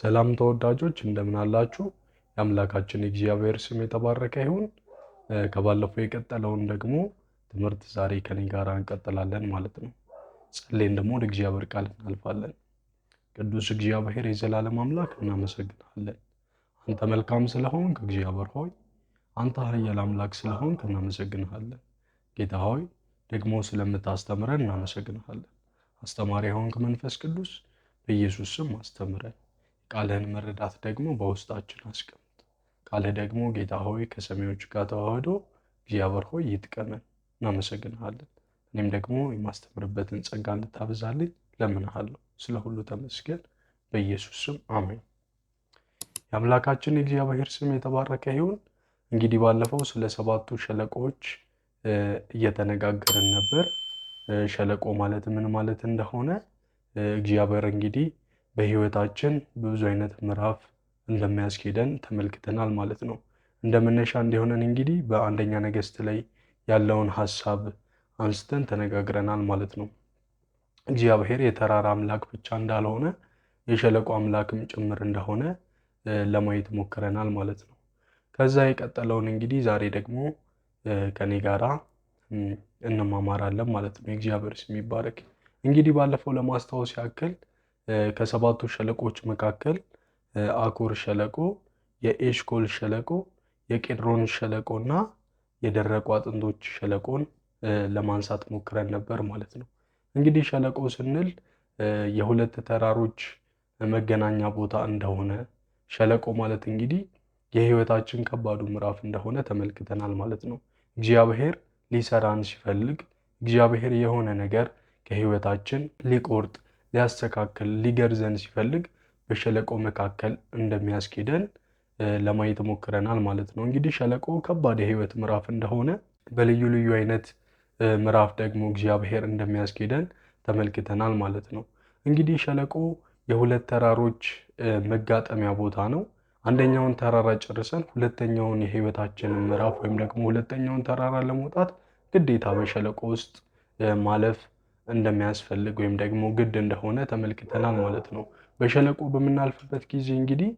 ሰላም ተወዳጆች እንደምን አላችሁ? የአምላካችን እግዚአብሔር ስም የተባረከ ይሁን። ከባለፈው የቀጠለውን ደግሞ ትምህርት ዛሬ ከኔ ጋር እንቀጥላለን ማለት ነው። ጸሌን ደግሞ ወደ እግዚአብሔር ቃል እናልፋለን። ቅዱስ እግዚአብሔር የዘላለም አምላክ እናመሰግናለን። አንተ መልካም ስለሆንክ ከእግዚአብሔር ሆይ አንተ ኃያል አምላክ ስለሆንክ እናመሰግንሃለን። ጌታ ሆይ ደግሞ ስለምታስተምረን እናመሰግንሃለን። አስተማሪ ሆንክ መንፈስ ቅዱስ በኢየሱስ ስም አስተምረን። ቃልህን መረዳት ደግሞ በውስጣችን አስቀምጥ። ቃልህ ደግሞ ጌታ ሆይ ከሰሚዎች ጋር ተዋህዶ እግዚአብሔር ሆይ ይጥቀመን። እናመሰግንሃለን። እኔም ደግሞ የማስተምርበትን ጸጋ እንድታበዛልኝ ለምንሃለሁ። ስለ ሁሉ ተመስገን። በኢየሱስ ስም አሜን። የአምላካችን የእግዚአብሔር ስም የተባረከ ይሁን። እንግዲህ ባለፈው ስለ ሰባቱ ሸለቆዎች እየተነጋገርን ነበር። ሸለቆ ማለት ምን ማለት እንደሆነ እግዚአብሔር እንግዲህ በህይወታችን ብዙ አይነት ምዕራፍ እንደሚያስኬደን ተመልክተናል ማለት ነው። እንደ መነሻ እንዲሆነን እንግዲህ በአንደኛ ነገስት ላይ ያለውን ሀሳብ አንስተን ተነጋግረናል ማለት ነው። እግዚአብሔር የተራራ አምላክ ብቻ እንዳልሆነ የሸለቆ አምላክም ጭምር እንደሆነ ለማየት ሞክረናል ማለት ነው። ከዛ የቀጠለውን እንግዲህ ዛሬ ደግሞ ከኔ ጋራ እንማማራለን ማለት ነው። የእግዚአብሔር ስም ይባረክ። እንግዲህ ባለፈው ለማስታወስ ያክል ከሰባቱ ሸለቆዎች መካከል አኮር ሸለቆ፣ የኤሽኮል ሸለቆ፣ የቄድሮን ሸለቆ እና የደረቁ አጥንቶች ሸለቆን ለማንሳት ሞክረን ነበር ማለት ነው። እንግዲህ ሸለቆ ስንል የሁለት ተራሮች መገናኛ ቦታ እንደሆነ ሸለቆ ማለት እንግዲህ የህይወታችን ከባዱ ምዕራፍ እንደሆነ ተመልክተናል ማለት ነው። እግዚአብሔር ሊሰራን ሲፈልግ እግዚአብሔር የሆነ ነገር ከህይወታችን ሊቆርጥ ሊያስተካክል ሊገርዘን ሲፈልግ በሸለቆ መካከል እንደሚያስኬደን ለማየት ሞክረናል ማለት ነው። እንግዲህ ሸለቆ ከባድ የህይወት ምዕራፍ እንደሆነ በልዩ ልዩ አይነት ምዕራፍ ደግሞ እግዚአብሔር እንደሚያስኬደን ተመልክተናል ማለት ነው። እንግዲህ ሸለቆ የሁለት ተራሮች መጋጠሚያ ቦታ ነው። አንደኛውን ተራራ ጨርሰን ሁለተኛውን የህይወታችን ምዕራፍ ወይም ደግሞ ሁለተኛውን ተራራ ለመውጣት ግዴታ በሸለቆ ውስጥ ማለፍ እንደሚያስፈልግ ወይም ደግሞ ግድ እንደሆነ ተመልክተናል ማለት ነው። በሸለቆ በምናልፍበት ጊዜ እንግዲህ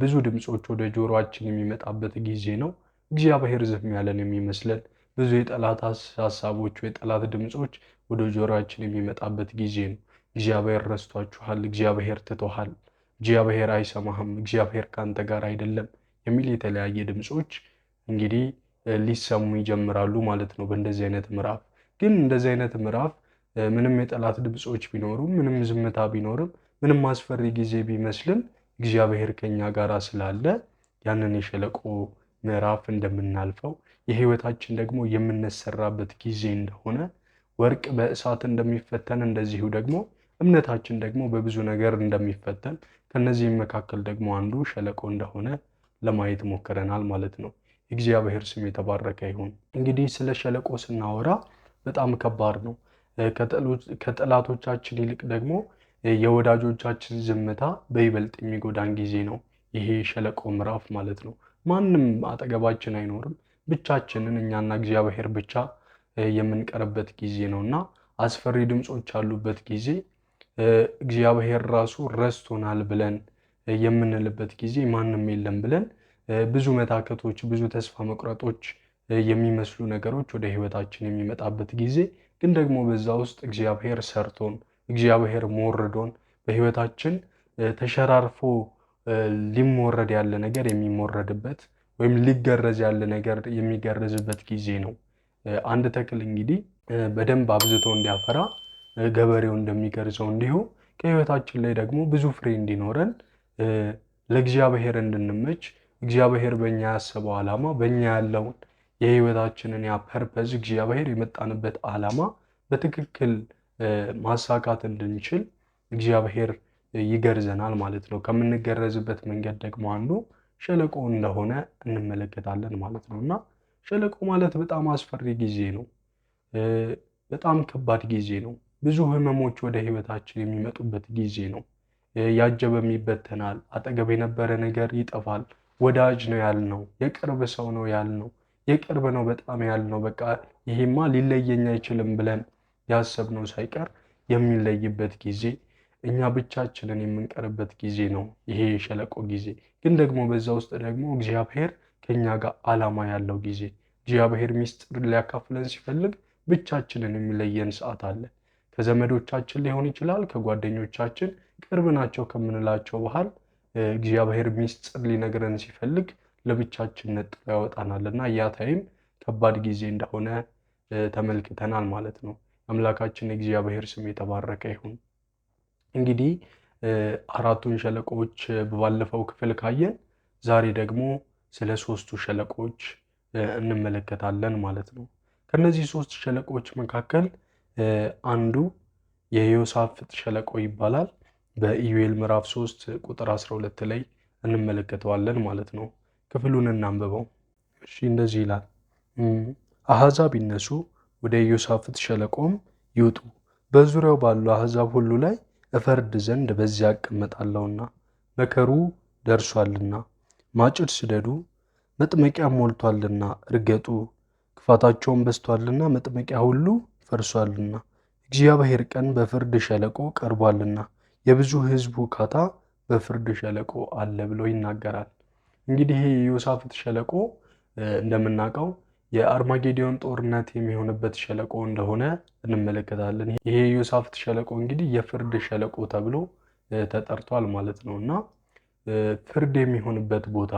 ብዙ ድምፆች ወደ ጆሮችን የሚመጣበት ጊዜ ነው። እግዚአብሔር ዝም ያለን የሚመስለን ብዙ የጠላት ሀሳቦች፣ የጠላት ድምፆች ወደ ጆሮችን የሚመጣበት ጊዜ ነው። እግዚአብሔር ረስቷችኋል፣ እግዚአብሔር ትቶሃል፣ እግዚአብሔር አይሰማህም፣ እግዚአብሔር ከአንተ ጋር አይደለም የሚል የተለያየ ድምፆች እንግዲህ ሊሰሙ ይጀምራሉ ማለት ነው። በእንደዚህ አይነት ምዕራፍ ግን እንደዚህ አይነት ምዕራፍ ምንም የጠላት ድምፆች ቢኖሩም፣ ምንም ዝምታ ቢኖርም፣ ምንም አስፈሪ ጊዜ ቢመስልም እግዚአብሔር ከኛ ጋር ስላለ ያንን የሸለቆ ምዕራፍ እንደምናልፈው የህይወታችን ደግሞ የምንሰራበት ጊዜ እንደሆነ ወርቅ በእሳት እንደሚፈተን እንደዚሁ ደግሞ እምነታችን ደግሞ በብዙ ነገር እንደሚፈተን ከነዚህም መካከል ደግሞ አንዱ ሸለቆ እንደሆነ ለማየት ሞክረናል ማለት ነው። እግዚአብሔር ስም የተባረከ ይሁን። እንግዲህ ስለ ሸለቆ ስናወራ በጣም ከባድ ነው። ከጠላቶቻችን ይልቅ ደግሞ የወዳጆቻችን ዝምታ በይበልጥ የሚጎዳን ጊዜ ነው ይሄ ሸለቆ ምዕራፍ ማለት ነው። ማንም አጠገባችን አይኖርም። ብቻችንን እኛና እግዚአብሔር ብቻ የምንቀርበት ጊዜ ነው እና አስፈሪ ድምፆች ያሉበት ጊዜ እግዚአብሔር ራሱ ረስቶናል ብለን የምንልበት ጊዜ ማንም የለም ብለን ብዙ መታከቶች፣ ብዙ ተስፋ መቁረጦች የሚመስሉ ነገሮች ወደ ህይወታችን የሚመጣበት ጊዜ ግን ደግሞ በዛ ውስጥ እግዚአብሔር ሰርቶን እግዚአብሔር ሞርዶን በህይወታችን ተሸራርፎ ሊሞረድ ያለ ነገር የሚሞረድበት ወይም ሊገረዝ ያለ ነገር የሚገረዝበት ጊዜ ነው። አንድ ተክል እንግዲህ በደንብ አብዝቶ እንዲያፈራ ገበሬው እንደሚገርዘው እንዲሁ ከህይወታችን ላይ ደግሞ ብዙ ፍሬ እንዲኖረን ለእግዚአብሔር እንድንመች እግዚአብሔር በእኛ ያሰበው ዓላማ በእኛ ያለውን የህይወታችንን ያ ፐርፐዝ እግዚአብሔር የመጣንበት ዓላማ በትክክል ማሳካት እንድንችል እግዚአብሔር ይገርዘናል ማለት ነው። ከምንገረዝበት መንገድ ደግሞ አንዱ ሸለቆ እንደሆነ እንመለከታለን ማለት ነው እና ሸለቆ ማለት በጣም አስፈሪ ጊዜ ነው። በጣም ከባድ ጊዜ ነው። ብዙ ህመሞች ወደ ህይወታችን የሚመጡበት ጊዜ ነው። ያጀበም ይበተናል። አጠገብ የነበረ ነገር ይጠፋል። ወዳጅ ነው ያልነው፣ የቅርብ ሰው ነው ያልነው፣ የቅርብ ነው በጣም ያል ነው በቃ ይሄማ ሊለየኝ አይችልም ብለን ያሰብነው ሳይቀር የሚለይበት ጊዜ እኛ ብቻችንን የምንቀርበት ጊዜ ነው ይሄ የሸለቆ ጊዜ። ግን ደግሞ በዛ ውስጥ ደግሞ እግዚአብሔር ከእኛ ጋር ዓላማ ያለው ጊዜ እግዚአብሔር ሚስጥር ሊያካፍለን ሲፈልግ ብቻችንን የሚለየን ሰዓት አለ። ከዘመዶቻችን ሊሆን ይችላል፣ ከጓደኞቻችን ቅርብ ናቸው ከምንላቸው ባህል እግዚአብሔር ሚስጥር ሊነግረን ሲፈልግ ለብቻችን ነጥሎ ያወጣናል እና ያ ታይም ከባድ ጊዜ እንደሆነ ተመልክተናል ማለት ነው። አምላካችን እግዚአብሔር ስም የተባረከ ይሁን። እንግዲህ አራቱን ሸለቆዎች ባለፈው ክፍል ካየን ዛሬ ደግሞ ስለ ሶስቱ ሸለቆዎች እንመለከታለን ማለት ነው። ከነዚህ ሶስት ሸለቆዎች መካከል አንዱ የዮሳፍጥ ሸለቆ ይባላል። በኢዩኤል ምዕራፍ 3 ቁጥር 12 ላይ እንመለከተዋለን ማለት ነው። ክፍሉን እናንብበው። እሺ እንደዚህ ይላል። አሕዛብ ይነሱ፣ ወደ ኢዮሳፍት ሸለቆም ይውጡ፣ በዙሪያው ባሉ አሕዛብ ሁሉ ላይ እፈርድ ዘንድ በዚያ እቀመጣለሁና መከሩ ደርሷልና፣ ማጭድ ስደዱ፣ መጥመቂያ ሞልቷልና እርገጡ፣ ክፋታቸውን በዝቷልና መጥመቂያ ሁሉ ፈርሷልና፣ እግዚአብሔር ቀን በፍርድ ሸለቆ ቀርቧልና፣ የብዙ ሕዝብ ውካታ በፍርድ ሸለቆ አለ ብሎ ይናገራል። እንግዲህ ይህ ሸለቆ እንደምናውቀው የአርማጌዲዮን ጦርነት የሚሆንበት ሸለቆ እንደሆነ እንመለከታለን። ይሄ የዮሳፍት ሸለቆ እንግዲህ የፍርድ ሸለቆ ተብሎ ተጠርቷል ማለት ነው እና ፍርድ የሚሆንበት ቦታ፣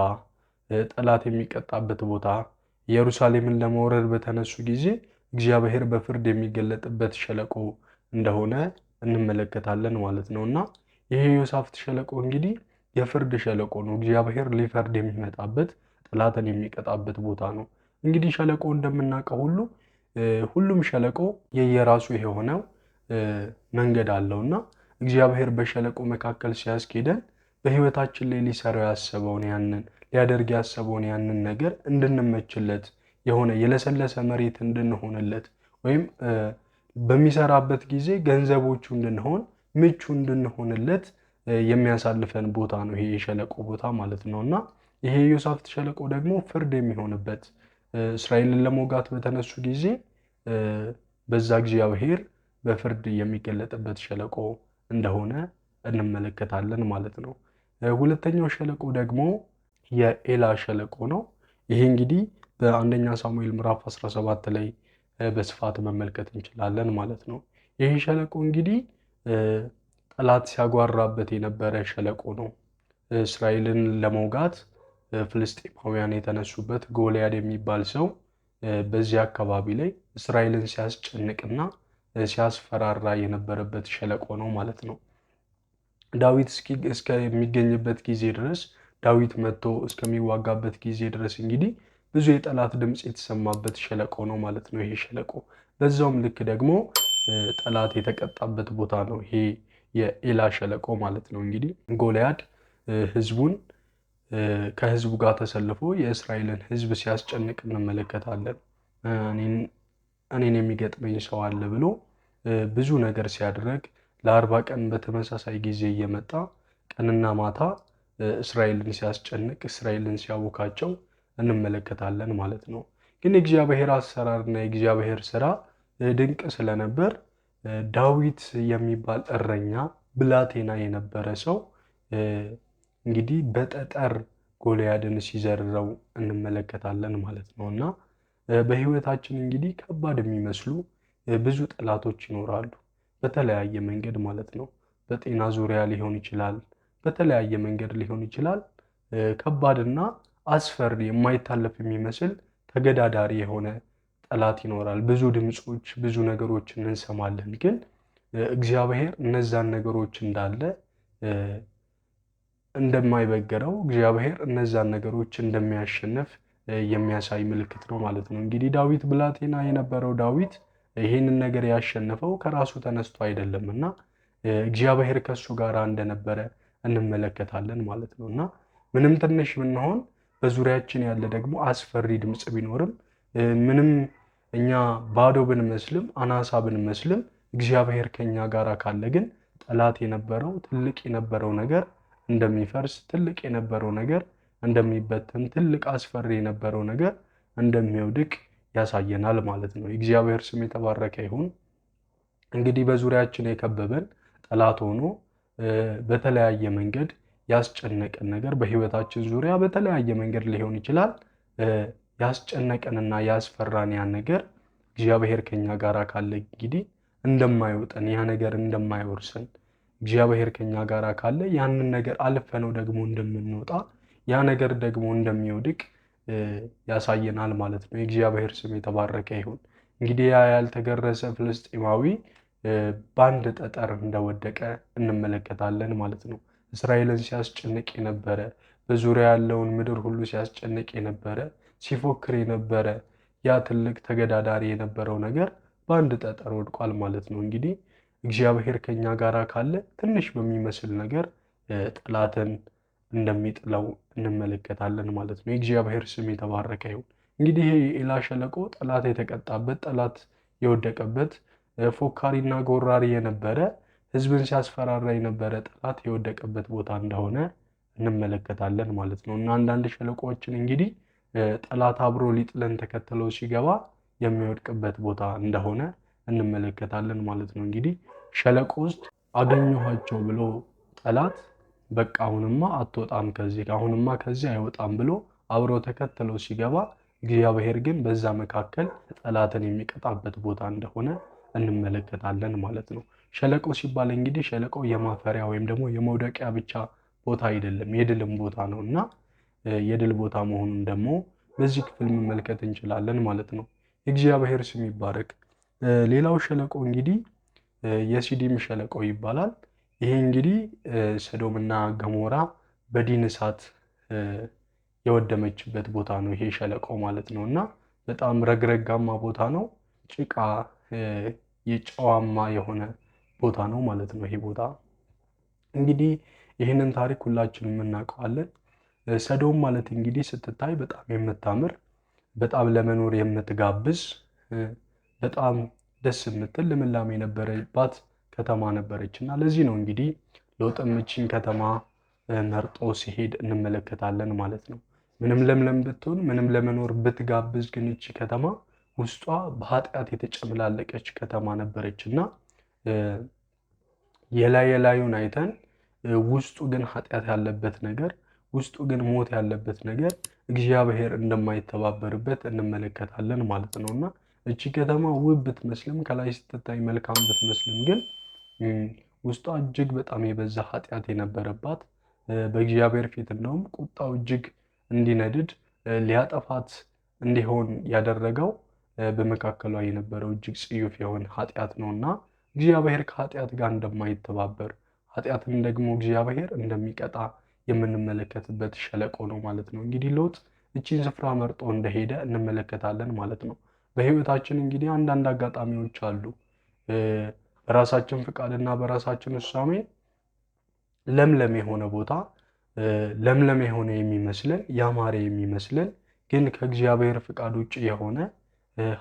ጠላት የሚቀጣበት ቦታ፣ ኢየሩሳሌምን ለመውረድ በተነሱ ጊዜ እግዚአብሔር በፍርድ የሚገለጥበት ሸለቆ እንደሆነ እንመለከታለን ማለት ነው እና ይሄ የዮሳፍት ሸለቆ እንግዲህ የፍርድ ሸለቆ ነው። እግዚአብሔር ሊፈርድ የሚመጣበት ጠላትን የሚቀጣበት ቦታ ነው። እንግዲህ ሸለቆ እንደምናውቀው ሁሉ ሁሉም ሸለቆ የየራሱ የሆነው መንገድ አለው እና እግዚአብሔር በሸለቆ መካከል ሲያስኬደን በህይወታችን ላይ ሊሰራው ያሰበውን ያንን ሊያደርግ ያሰበውን ያንን ነገር እንድንመችለት የሆነ የለሰለሰ መሬት እንድንሆንለት ወይም በሚሰራበት ጊዜ ገንዘቦቹ እንድንሆን ምቹ እንድንሆንለት የሚያሳልፈን ቦታ ነው ይሄ የሸለቆ ቦታ ማለት ነው። እና ይሄ የዮሳፍት ሸለቆ ደግሞ ፍርድ የሚሆንበት እስራኤልን ለመውጋት በተነሱ ጊዜ በዛ እግዚአብሔር በፍርድ የሚገለጥበት ሸለቆ እንደሆነ እንመለከታለን ማለት ነው። ሁለተኛው ሸለቆ ደግሞ የኤላ ሸለቆ ነው። ይሄ እንግዲህ በአንደኛ ሳሙኤል ምዕራፍ 17 ላይ በስፋት መመልከት እንችላለን ማለት ነው። ይሄ ሸለቆ እንግዲህ ጠላት ሲያጓራበት የነበረ ሸለቆ ነው። እስራኤልን ለመውጋት ፍልስጤማውያን የተነሱበት ጎልያድ የሚባል ሰው በዚህ አካባቢ ላይ እስራኤልን ሲያስጨንቅና ሲያስፈራራ የነበረበት ሸለቆ ነው ማለት ነው። ዳዊት እስከሚገኝበት ጊዜ ድረስ ዳዊት መጥቶ እስከሚዋጋበት ጊዜ ድረስ እንግዲህ ብዙ የጠላት ድምፅ የተሰማበት ሸለቆ ነው ማለት ነው ይሄ ሸለቆ። በዛውም ልክ ደግሞ ጠላት የተቀጣበት ቦታ ነው ይሄ የኤላ ሸለቆ ማለት ነው። እንግዲህ ጎልያድ ህዝቡን ከህዝቡ ጋር ተሰልፎ የእስራኤልን ህዝብ ሲያስጨንቅ እንመለከታለን። እኔን የሚገጥመኝ ሰው አለ ብሎ ብዙ ነገር ሲያደረግ ለአርባ ቀን በተመሳሳይ ጊዜ እየመጣ ቀንና ማታ እስራኤልን ሲያስጨንቅ እስራኤልን ሲያውካቸው እንመለከታለን ማለት ነው። ግን የእግዚአብሔር አሰራርና የእግዚአብሔር ስራ ድንቅ ስለነበር ዳዊት የሚባል እረኛ ብላቴና የነበረ ሰው እንግዲህ በጠጠር ጎልያድን ሲዘርረው እንመለከታለን ማለት ነው። እና በህይወታችን እንግዲህ ከባድ የሚመስሉ ብዙ ጠላቶች ይኖራሉ፣ በተለያየ መንገድ ማለት ነው። በጤና ዙሪያ ሊሆን ይችላል፣ በተለያየ መንገድ ሊሆን ይችላል። ከባድና አስፈሪ የማይታለፍ የሚመስል ተገዳዳሪ የሆነ ጠላት ይኖራል። ብዙ ድምፆች፣ ብዙ ነገሮች እንሰማለን። ግን እግዚአብሔር እነዛን ነገሮች እንዳለ እንደማይበገረው እግዚአብሔር እነዛን ነገሮች እንደሚያሸንፍ የሚያሳይ ምልክት ነው ማለት ነው። እንግዲህ ዳዊት ብላቴና የነበረው ዳዊት ይህንን ነገር ያሸነፈው ከራሱ ተነስቶ አይደለም እና እግዚአብሔር ከሱ ጋር እንደነበረ እንመለከታለን ማለት ነው እና ምንም ትንሽ ብንሆን በዙሪያችን ያለ ደግሞ አስፈሪ ድምፅ ቢኖርም ምንም እኛ ባዶ ብንመስልም አናሳ ብንመስልም እግዚአብሔር ከኛ ጋር ካለ ግን ጠላት የነበረው ትልቅ የነበረው ነገር እንደሚፈርስ፣ ትልቅ የነበረው ነገር እንደሚበተን፣ ትልቅ አስፈሪ የነበረው ነገር እንደሚወድቅ ያሳየናል ማለት ነው። እግዚአብሔር ስም የተባረከ ይሁን። እንግዲህ በዙሪያችን የከበበን ጠላት ሆኖ በተለያየ መንገድ ያስጨነቀን ነገር በህይወታችን ዙሪያ በተለያየ መንገድ ሊሆን ይችላል ያስጨነቀንና ያስፈራን ያ ነገር እግዚአብሔር ከኛ ጋር ካለ እንግዲህ እንደማይወጠን ያ ነገር እንደማይወርስን እግዚአብሔር ከኛ ጋር ካለ ያንን ነገር አልፈነው ደግሞ እንደምንወጣ ያ ነገር ደግሞ እንደሚወድቅ ያሳየናል ማለት ነው። የእግዚአብሔር ስም የተባረከ ይሁን። እንግዲህ ያ ያልተገረሰ ፍልስጤማዊ በአንድ ጠጠር እንደወደቀ እንመለከታለን ማለት ነው። እስራኤልን ሲያስጨንቅ የነበረ በዙሪያ ያለውን ምድር ሁሉ ሲያስጨንቅ የነበረ ሲፎክር የነበረ ያ ትልቅ ተገዳዳሪ የነበረው ነገር በአንድ ጠጠር ወድቋል ማለት ነው። እንግዲህ እግዚአብሔር ከኛ ጋር ካለ ትንሽ በሚመስል ነገር ጠላትን እንደሚጥለው እንመለከታለን ማለት ነው። የእግዚአብሔር ስም የተባረከ ይሁን። እንግዲህ ይሄ የኤላ ሸለቆ ጠላት የተቀጣበት ጠላት የወደቀበት ፎካሪና ጎራሪ የነበረ ህዝብን ሲያስፈራራ የነበረ ጠላት የወደቀበት ቦታ እንደሆነ እንመለከታለን ማለት ነው እና አንዳንድ ሸለቆዎችን እንግዲህ ጠላት አብሮ ሊጥለን ተከትሎ ሲገባ የሚወድቅበት ቦታ እንደሆነ እንመለከታለን ማለት ነው። እንግዲህ ሸለቆ ውስጥ አገኘኋቸው ብሎ ጠላት በቃ አሁንማ አትወጣም ከዚህ አሁንማ ከዚህ አይወጣም ብሎ አብሮ ተከትሎ ሲገባ እግዚአብሔር ግን በዛ መካከል ጠላትን የሚቀጣበት ቦታ እንደሆነ እንመለከታለን ማለት ነው። ሸለቆ ሲባል እንግዲህ ሸለቆ የማፈሪያ ወይም ደግሞ የመውደቂያ ብቻ ቦታ አይደለም፣ የድልም ቦታ ነው እና የድል ቦታ መሆኑን ደግሞ በዚህ ክፍል መመልከት እንችላለን ማለት ነው። እግዚአብሔር ስም ይባረክ። ሌላው ሸለቆ እንግዲህ የሲዲም ሸለቆ ይባላል። ይሄ እንግዲህ ሰዶምና ገሞራ በዲን እሳት የወደመችበት ቦታ ነው ይሄ ሸለቆ ማለት ነው። እና በጣም ረግረጋማ ቦታ ነው። ጭቃ የጨዋማ የሆነ ቦታ ነው ማለት ነው ይሄ ቦታ። እንግዲህ ይህንን ታሪክ ሁላችንም እናውቀዋለን። ሰዶም ማለት እንግዲህ ስትታይ በጣም የምታምር በጣም ለመኖር የምትጋብዝ በጣም ደስ የምትል ልምላም የነበረባት ከተማ ነበረች እና ለዚህ ነው እንግዲህ ሎጥም ከተማ መርጦ ሲሄድ እንመለከታለን ማለት ነው። ምንም ለምለም ብትሆን፣ ምንም ለመኖር ብትጋብዝ፣ ግን እቺ ከተማ ውስጧ በኃጢአት የተጨምላለቀች ከተማ ነበረች እና የላይ የላዩን አይተን ውስጡ ግን ኃጢአት ያለበት ነገር ውስጡ ግን ሞት ያለበት ነገር እግዚአብሔር እንደማይተባበርበት እንመለከታለን ማለት ነው። እና እቺ ከተማ ውብ ብትመስልም ከላይ ስትታይ መልካም ብትመስልም ግን ውስጧ እጅግ በጣም የበዛ ኃጢአት የነበረባት በእግዚአብሔር ፊት እንደውም ቁጣው እጅግ እንዲነድድ ሊያጠፋት እንዲሆን ያደረገው በመካከሏ የነበረው እጅግ ጽዩፍ የሆነ ኃጢአት ነው እና እግዚአብሔር ከኃጢአት ጋር እንደማይተባበር ኃጢአትን ደግሞ እግዚአብሔር እንደሚቀጣ የምንመለከትበት ሸለቆ ነው ማለት ነው። እንግዲህ ሎጥ እቺን ስፍራ መርጦ እንደሄደ እንመለከታለን ማለት ነው። በህይወታችን እንግዲህ አንዳንድ አጋጣሚዎች አሉ። በራሳችን ፍቃድና በራሳችን ውሳሜ ለምለም የሆነ ቦታ ለምለም የሆነ የሚመስለን ያማረ የሚመስለን ግን ከእግዚአብሔር ፍቃድ ውጭ የሆነ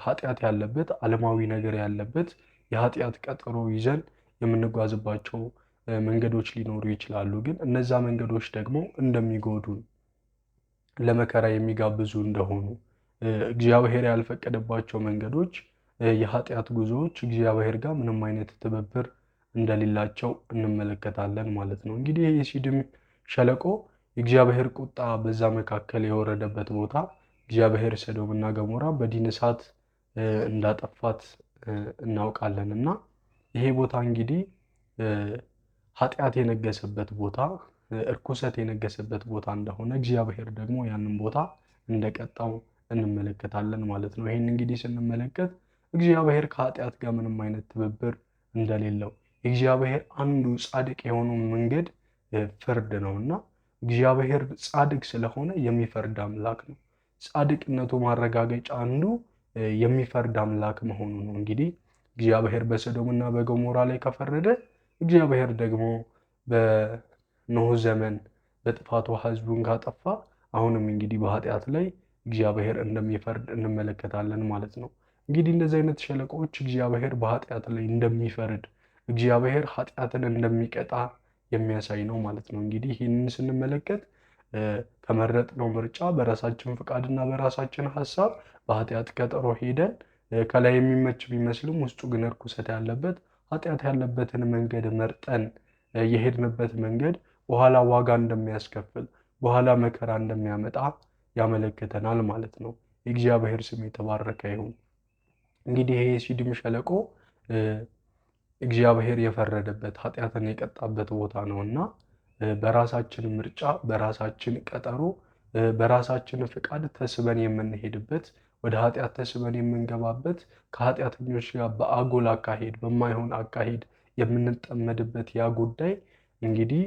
ኃጢአት ያለበት ዓለማዊ ነገር ያለበት የኃጢአት ቀጠሮ ይዘን የምንጓዝባቸው መንገዶች ሊኖሩ ይችላሉ። ግን እነዛ መንገዶች ደግሞ እንደሚጎዱን፣ ለመከራ የሚጋብዙ እንደሆኑ እግዚአብሔር ያልፈቀደባቸው መንገዶች፣ የኃጢአት ጉዞዎች እግዚአብሔር ጋር ምንም አይነት ትብብር እንደሌላቸው እንመለከታለን ማለት ነው። እንግዲህ የሲድም ሸለቆ የእግዚአብሔር ቁጣ በዛ መካከል የወረደበት ቦታ እግዚአብሔር እና ገሞራ በዲን እሳት እንዳጠፋት እናውቃለን እና ይሄ ቦታ እንግዲህ ኃጢአት የነገሰበት ቦታ እርኩሰት የነገሰበት ቦታ እንደሆነ እግዚአብሔር ደግሞ ያንን ቦታ እንደቀጣው እንመለከታለን ማለት ነው። ይህን እንግዲህ ስንመለከት እግዚአብሔር ከኃጢአት ጋር ምንም አይነት ትብብር እንደሌለው እግዚአብሔር አንዱ ጻድቅ የሆነው መንገድ ፍርድ ነው እና እግዚአብሔር ጻድቅ ስለሆነ የሚፈርድ አምላክ ነው። ጻድቅነቱ ማረጋገጫ አንዱ የሚፈርድ አምላክ መሆኑ ነው። እንግዲህ እግዚአብሔር በሰዶምና በገሞራ ላይ ከፈረደ እግዚአብሔር ደግሞ በኖህ ዘመን በጥፋቱ ህዝቡን ካጠፋ አሁንም እንግዲህ በኃጢአት ላይ እግዚአብሔር እንደሚፈርድ እንመለከታለን ማለት ነው። እንግዲህ እንደዚህ አይነት ሸለቆዎች እግዚአብሔር በኃጢአት ላይ እንደሚፈርድ እግዚአብሔር ኃጢአትን እንደሚቀጣ የሚያሳይ ነው ማለት ነው። እንግዲህ ይህንን ስንመለከት ከመረጥነው ምርጫ በራሳችን ፍቃድና በራሳችን ሀሳብ በኃጢአት ቀጠሮ ሄደን ከላይ የሚመች ቢመስልም ውስጡ ግን እርኩሰት ያለበት ኃጢአት ያለበትን መንገድ መርጠን የሄድንበት መንገድ በኋላ ዋጋ እንደሚያስከፍል፣ በኋላ መከራ እንደሚያመጣ ያመለክተናል ማለት ነው። የእግዚአብሔር ስም የተባረከ ይሁን። እንግዲህ ይሄ ሲድም ሸለቆ እግዚአብሔር የፈረደበት ኃጢአትን የቀጣበት ቦታ ነው እና በራሳችን ምርጫ፣ በራሳችን ቀጠሮ፣ በራሳችን ፍቃድ ተስበን የምንሄድበት ወደ ኃጢአት ተስበን የምንገባበት ከኃጢአተኞች ጋር በአጉል አካሄድ በማይሆን አካሄድ የምንጠመድበት ያ ጉዳይ እንግዲህ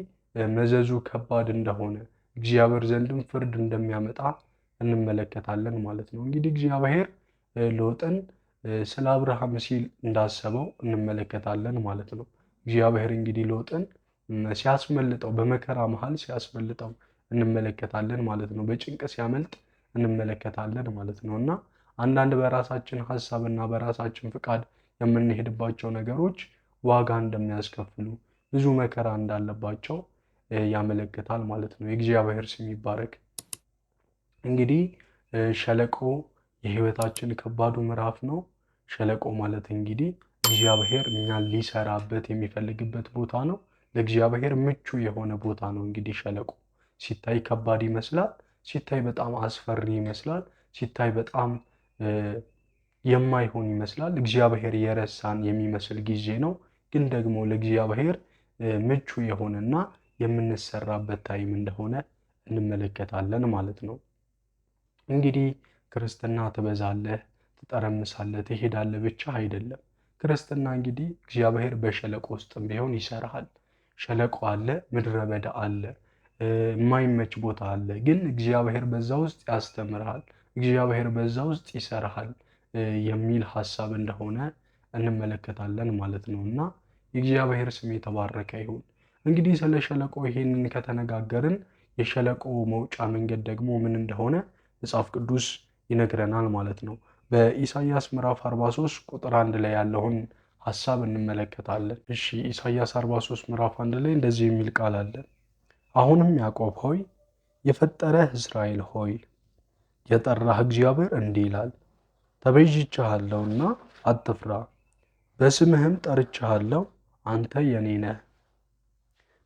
መዘዙ ከባድ እንደሆነ እግዚአብሔር ዘንድም ፍርድ እንደሚያመጣ እንመለከታለን ማለት ነው። እንግዲህ እግዚአብሔር ሎጥን ስለ አብርሃም ሲል እንዳሰበው እንመለከታለን ማለት ነው። እግዚአብሔር እንግዲህ ሎጥን ሲያስመልጠው፣ በመከራ መሃል ሲያስመልጠው እንመለከታለን ማለት ነው። በጭንቅ ሲያመልጥ እንመለከታለን ማለት ነው እና አንዳንድ በራሳችን ሀሳብ እና በራሳችን ፍቃድ የምንሄድባቸው ነገሮች ዋጋ እንደሚያስከፍሉ ብዙ መከራ እንዳለባቸው ያመለክታል ማለት ነው። የእግዚአብሔር ስም ይባረክ። እንግዲህ ሸለቆ የህይወታችን ከባዱ ምዕራፍ ነው። ሸለቆ ማለት እንግዲህ እግዚአብሔር እኛን ሊሰራበት የሚፈልግበት ቦታ ነው። ለእግዚአብሔር ምቹ የሆነ ቦታ ነው። እንግዲህ ሸለቆ ሲታይ ከባድ ይመስላል። ሲታይ በጣም አስፈሪ ይመስላል። ሲታይ በጣም የማይሆን ይመስላል። እግዚአብሔር የረሳን የሚመስል ጊዜ ነው። ግን ደግሞ ለእግዚአብሔር ምቹ የሆነና የምንሰራበት ታይም እንደሆነ እንመለከታለን ማለት ነው። እንግዲህ ክርስትና ትበዛለህ፣ ትጠረምሳለህ፣ ትሄዳለህ ብቻ አይደለም። ክርስትና እንግዲህ እግዚአብሔር በሸለቆ ውስጥም ቢሆን ይሰራሃል። ሸለቆ አለ፣ ምድረ በዳ አለ የማይመች ቦታ አለ። ግን እግዚአብሔር በዛ ውስጥ ያስተምርሃል፣ እግዚአብሔር በዛ ውስጥ ይሰራሃል የሚል ሀሳብ እንደሆነ እንመለከታለን ማለት ነው። እና የእግዚአብሔር ስም የተባረከ ይሁን። እንግዲህ ስለ ሸለቆ ይሄንን ከተነጋገርን የሸለቆ መውጫ መንገድ ደግሞ ምን እንደሆነ መጽሐፍ ቅዱስ ይነግረናል ማለት ነው። በኢሳይያስ ምዕራፍ 43 ቁጥር አንድ ላይ ያለውን ሀሳብ እንመለከታለን። እሺ ኢሳይያስ 43 ምዕራፍ አንድ ላይ እንደዚህ የሚል ቃል አለን አሁንም ያዕቆብ ሆይ የፈጠረህ እስራኤል ሆይ የጠራህ እግዚአብሔር እንዲህ ይላል፣ ተቤዥቼሃለሁና አትፍራ፣ በስምህም ጠርቼሃለሁ፣ አንተ የኔ ነህ።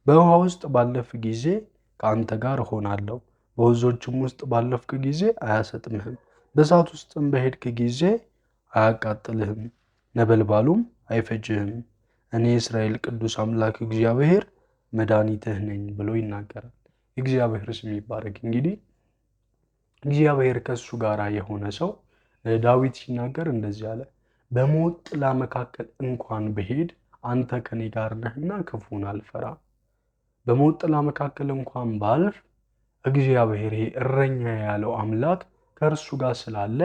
በውሃ ውስጥ ባለፍ ጊዜ ከአንተ ጋር እሆናለሁ፣ በወንዞችም ውስጥ ባለፍክ ጊዜ አያሰጥምህም፣ በእሳት ውስጥም በሄድክ ጊዜ አያቃጥልህም፣ ነበልባሉም አይፈጅህም። እኔ የእስራኤል ቅዱስ አምላክ እግዚአብሔር መድኃኒትህ ነኝ ብሎ ይናገራል። እግዚአብሔር ስም ይባረክ። እንግዲህ እግዚአብሔር ከእሱ ጋር የሆነ ሰው ዳዊት ሲናገር እንደዚህ አለ፣ በሞት ጥላ መካከል እንኳን ብሄድ አንተ ከኔ ጋር ነህና ክፉን አልፈራ። በሞት ጥላ መካከል እንኳን ባልፍ እግዚአብሔር እረኛ ያለው አምላክ ከእርሱ ጋር ስላለ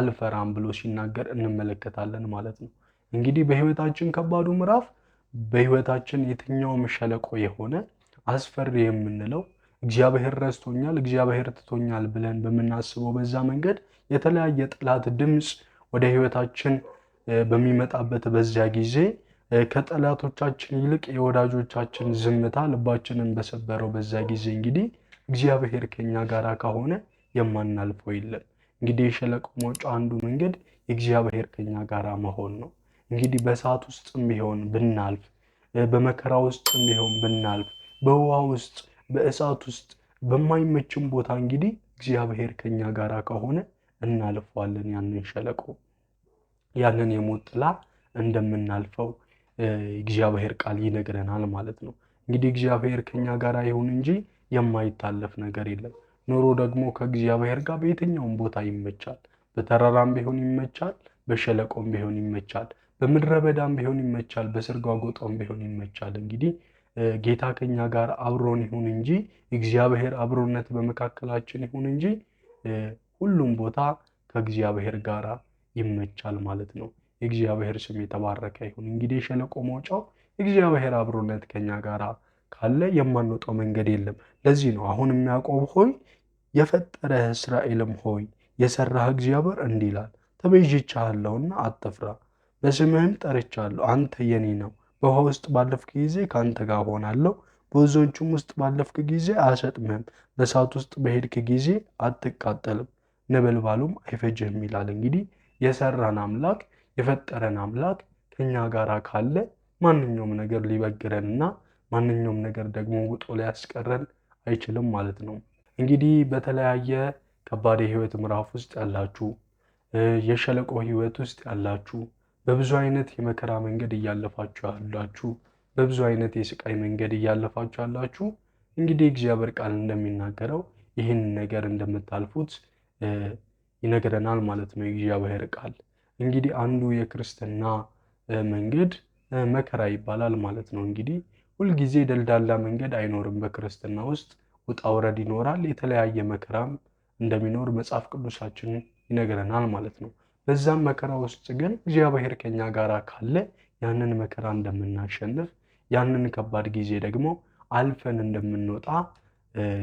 አልፈራም ብሎ ሲናገር እንመለከታለን ማለት ነው። እንግዲህ በህይወታችን ከባዱ ምዕራፍ በህይወታችን የትኛውም ሸለቆ የሆነ አስፈሪ የምንለው እግዚአብሔር ረስቶኛል፣ እግዚአብሔር ትቶኛል ብለን በምናስበው በዛ መንገድ የተለያየ ጠላት ድምፅ ወደ ህይወታችን በሚመጣበት በዚያ ጊዜ ከጠላቶቻችን ይልቅ የወዳጆቻችን ዝምታ ልባችንን በሰበረው በዛ ጊዜ እንግዲህ እግዚአብሔር ከኛ ጋር ከሆነ የማናልፈው የለም። እንግዲህ የሸለቆ መውጫ አንዱ መንገድ የእግዚአብሔር ከኛ ጋር መሆን ነው። እንግዲህ በእሳት ውስጥም ቢሆን ብናልፍ፣ በመከራ ውስጥም ቢሆን ብናልፍ፣ በውሃ ውስጥ፣ በእሳት ውስጥ፣ በማይመችም ቦታ እንግዲህ እግዚአብሔር ከኛ ጋር ከሆነ እናልፈዋለን። ያንን ሸለቆ ያንን የሞት ጥላ እንደምናልፈው እግዚአብሔር ቃል ይነግረናል ማለት ነው። እንግዲህ እግዚአብሔር ከኛ ጋር ይሁን እንጂ የማይታለፍ ነገር የለም። ኑሮ ደግሞ ከእግዚአብሔር ጋር በየትኛውም ቦታ ይመቻል። በተራራም ቢሆን ይመቻል፣ በሸለቆም ቢሆን ይመቻል። በምድረ በዳም ቢሆን ይመቻል፣ በስርጓጎጧም ቢሆን ይመቻል። እንግዲህ ጌታ ከኛ ጋር አብሮን ይሁን እንጂ እግዚአብሔር አብሮነት በመካከላችን ይሁን እንጂ ሁሉም ቦታ ከእግዚአብሔር ጋር ይመቻል ማለት ነው። የእግዚአብሔር ስም የተባረከ ይሁን። እንግዲህ የሸለቆ መውጫው እግዚአብሔር አብሮነት ከኛ ጋር ካለ የማንወጣው መንገድ የለም። ለዚህ ነው አሁንም ያዕቆብ ሆይ የፈጠረህ እስራኤልም ሆይ የሰራህ እግዚአብሔር እንዲህ ይላል ተቤዥቻለሁና አትፍራ በስምህም ጠርቻለሁ፣ አንተ የኔ ነው። በውሃ ውስጥ ባለፍክ ጊዜ ከአንተ ጋር ሆናለሁ፣ በወንዞቹም ውስጥ ባለፍክ ጊዜ አያሰጥምህም፣ በእሳት ውስጥ በሄድክ ጊዜ አትቃጠልም፣ ነበልባሉም አይፈጅህም ይላል። እንግዲህ የሰራን አምላክ የፈጠረን አምላክ ከኛ ጋር ካለ ማንኛውም ነገር ሊበግረንና ማንኛውም ነገር ደግሞ ውጦ ሊያስቀረን አይችልም ማለት ነው። እንግዲህ በተለያየ ከባድ የህይወት ምዕራፍ ውስጥ ያላችሁ የሸለቆ ህይወት ውስጥ ያላችሁ በብዙ አይነት የመከራ መንገድ እያለፋችሁ ያላችሁ፣ በብዙ አይነት የስቃይ መንገድ እያለፋችሁ ያላችሁ እንግዲህ እግዚአብሔር ቃል እንደሚናገረው ይህን ነገር እንደምታልፉት ይነግረናል ማለት ነው። የእግዚአብሔር ቃል እንግዲህ አንዱ የክርስትና መንገድ መከራ ይባላል ማለት ነው። እንግዲህ ሁልጊዜ ደልዳላ መንገድ አይኖርም። በክርስትና ውስጥ ውጣ ውረድ ይኖራል። የተለያየ መከራም እንደሚኖር መጽሐፍ ቅዱሳችን ይነግረናል ማለት ነው። በዛም መከራ ውስጥ ግን እግዚአብሔር ከኛ ጋር ካለ ያንን መከራ እንደምናሸንፍ ያንን ከባድ ጊዜ ደግሞ አልፈን እንደምንወጣ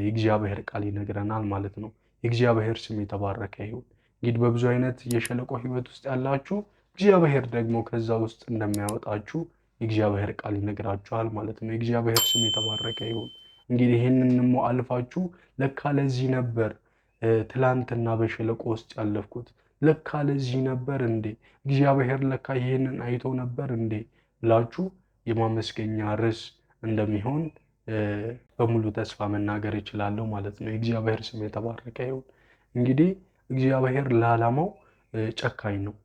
የእግዚአብሔር ቃል ይነግረናል ማለት ነው። የእግዚአብሔር ስም የተባረከ ይሁን። እንግዲህ በብዙ አይነት የሸለቆ ህይወት ውስጥ ያላችሁ እግዚአብሔር ደግሞ ከዛ ውስጥ እንደሚያወጣችሁ የእግዚአብሔር ቃል ይነግራችኋል ማለት ነው። የእግዚአብሔር ስም የተባረከ ይሁን። እንግዲህ ይህንን አልፋችሁ ለካ ለዚህ ነበር ትላንትና በሸለቆ ውስጥ ያለፍኩት ለካ ለዚህ ነበር እንዴ እግዚአብሔር ለካ ይህንን አይቶ ነበር እንዴ ብላችሁ የማመስገኛ ርዕስ እንደሚሆን በሙሉ ተስፋ መናገር እችላለሁ ማለት ነው። የእግዚአብሔር ስም የተባረቀ ይሁን። እንግዲህ እግዚአብሔር ለዓላማው ጨካኝ ነው።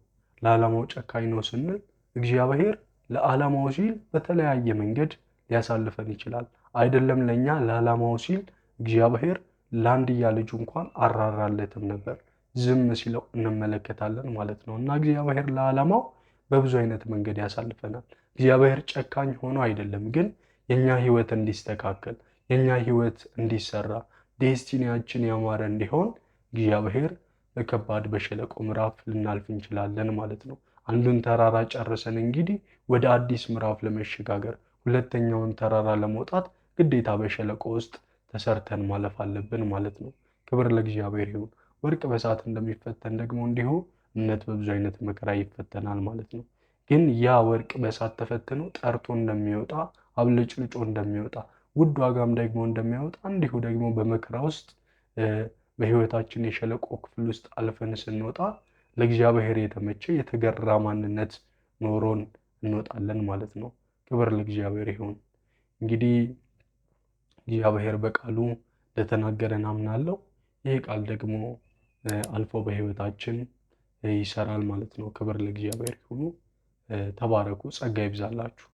ለዓላማው ጨካኝ ነው ስንል እግዚአብሔር ለዓላማው ሲል በተለያየ መንገድ ሊያሳልፈን ይችላል። አይደለም ለእኛ ለዓላማው ሲል እግዚአብሔር ለአንድያ ልጁ እንኳን አራራለትም ነበር። ዝም ሲለው እንመለከታለን ማለት ነው። እና እግዚአብሔር ለዓላማው በብዙ አይነት መንገድ ያሳልፈናል። እግዚአብሔር ጨካኝ ሆኖ አይደለም፣ ግን የእኛ ህይወት እንዲስተካከል የእኛ ህይወት እንዲሰራ ዴስቲኒያችን ያማረ እንዲሆን እግዚአብሔር በከባድ በሸለቆ ምዕራፍ ልናልፍ እንችላለን ማለት ነው። አንዱን ተራራ ጨርሰን እንግዲህ ወደ አዲስ ምዕራፍ ለመሸጋገር ሁለተኛውን ተራራ ለመውጣት ግዴታ በሸለቆ ውስጥ ተሰርተን ማለፍ አለብን ማለት ነው። ክብር ለእግዚአብሔር ይሁን። ወርቅ በእሳት እንደሚፈተን ደግሞ እንዲሁ እምነት በብዙ አይነት መከራ ይፈተናል ማለት ነው። ግን ያ ወርቅ በእሳት ተፈትኖ ጠርቶ እንደሚወጣ አብለጭልጮ እንደሚወጣ ውድ ዋጋም ደግሞ እንደሚያወጣ እንዲሁ ደግሞ በመከራ ውስጥ በህይወታችን የሸለቆ ክፍል ውስጥ አልፈን ስንወጣ ለእግዚአብሔር የተመቸ የተገራ ማንነት ኖሮን እንወጣለን ማለት ነው። ክብር ለእግዚአብሔር ይሁን። እንግዲህ እግዚአብሔር በቃሉ እንደተናገረን አምናለሁ። ይህ ቃል ደግሞ አልፎ በህይወታችን ይሰራል ማለት ነው። ክብር ለእግዚአብሔር ይሁኑ። ተባረኩ። ጸጋ ይብዛላችሁ።